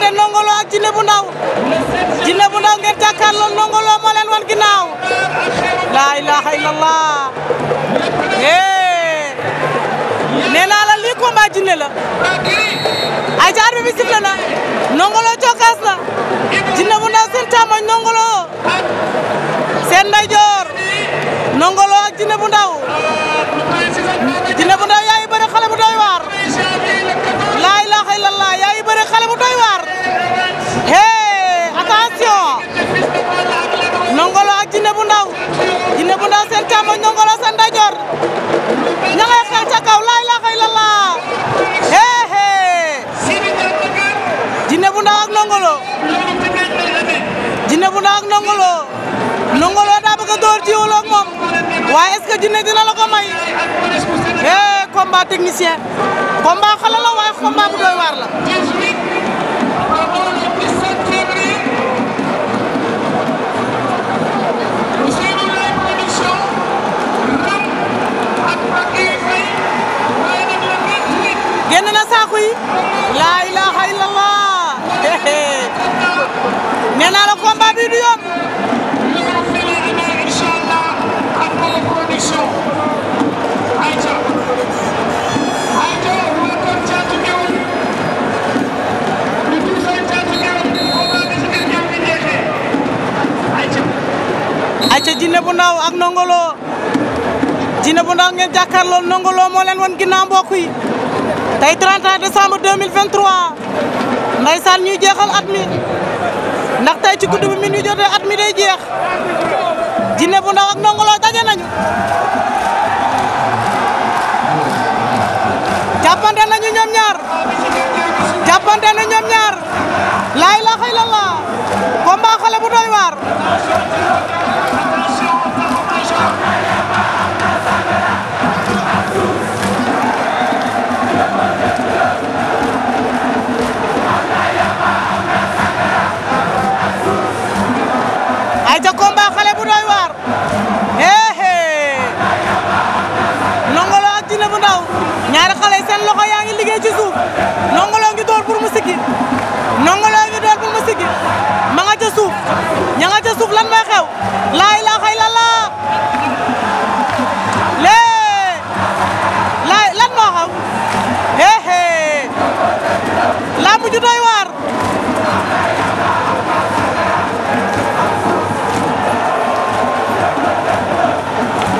diggante Ndongo Lo ak Djiné bu Ndaw Djiné ngeen jàkkaarloo Ndongo Lo moo wan ginnaaw la ilaha illallah eh nee naa la lii ay jaar bi bisif la Ndongo Lo jokkaas na Djiné bu Ndaw seen seen ndeyjoor Ndongo Lo ak Djiné bu nangu naag Ndongo Lo Ndongo Lo daa bëgg a door jiwaloo moom waaye est-ce que dina la ko may eh combat technicien combat waaye combat bu doy waar la. génn na saako yi. laa ilaaha illallah. nee naa la combat bi du yomb. ayca jinne bu ndaw ak nongolo jinne bu ndaw ngeen jàkkaarloo nongolo moo leen won ginnaaw mbokk yi tey décembre 2023 ndeysaan ñuy jeexal at mi ndax tey ci guddi bi min yu jotee at mi day jeex Djiné bu Ndaw ak Ndongo Lo nañu jàppante nañu ñoom ñaar jàppante na ñoom ñaar laa ilaaha illallaah combat xale bu doy ci suuf Ndongo Lo ngi door pour mu siggi Ndongo ngi door pour mu siggi ma nga ca suuf ña nga ca suuf lan mooy xew laa ilaaha illallaah lee laa lan moo xew éhé laa mujj doy waar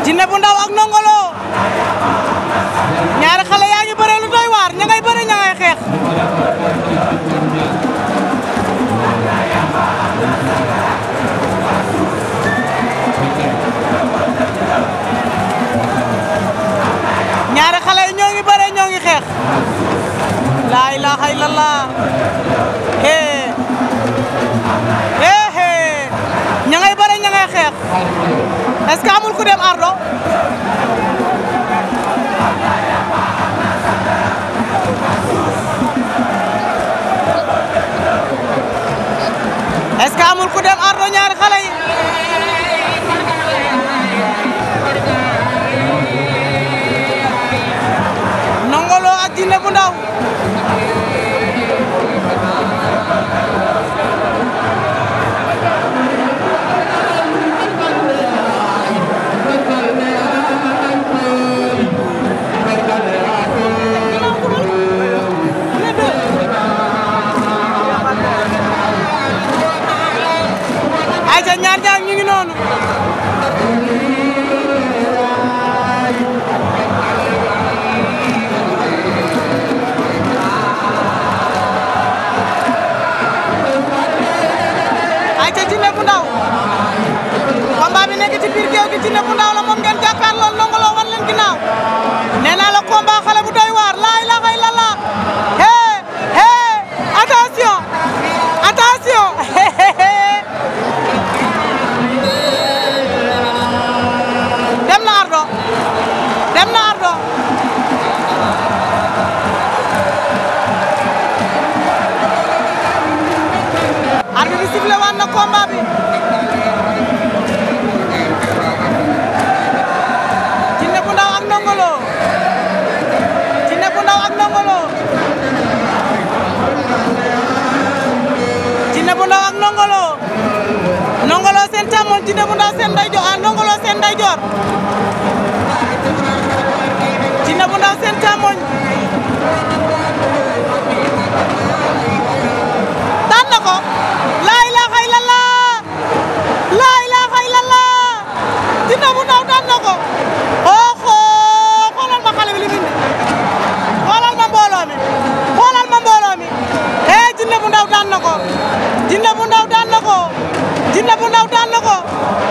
Djiné bu Ndaw ak Ndongo eh eh ña ngay bëre ña ngay xeex Ardo est-ce Ardo ñaari xale nongolo ak Jinne ci biir géew gi ci Ndongo Ndaw la moom ngeen jàkkaar lool bu ndaw ak Ndongo Lo Ndongo Lo seen càmmoñ Djiné bu Jinne bu na ko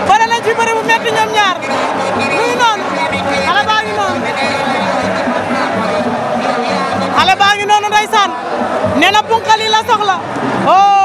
bëri nañ fi bëri bu metti ñaar mu ngi noonu baa ngi noonu baa ngi noonu ndeysaan nee na punkal yi la soxla oh.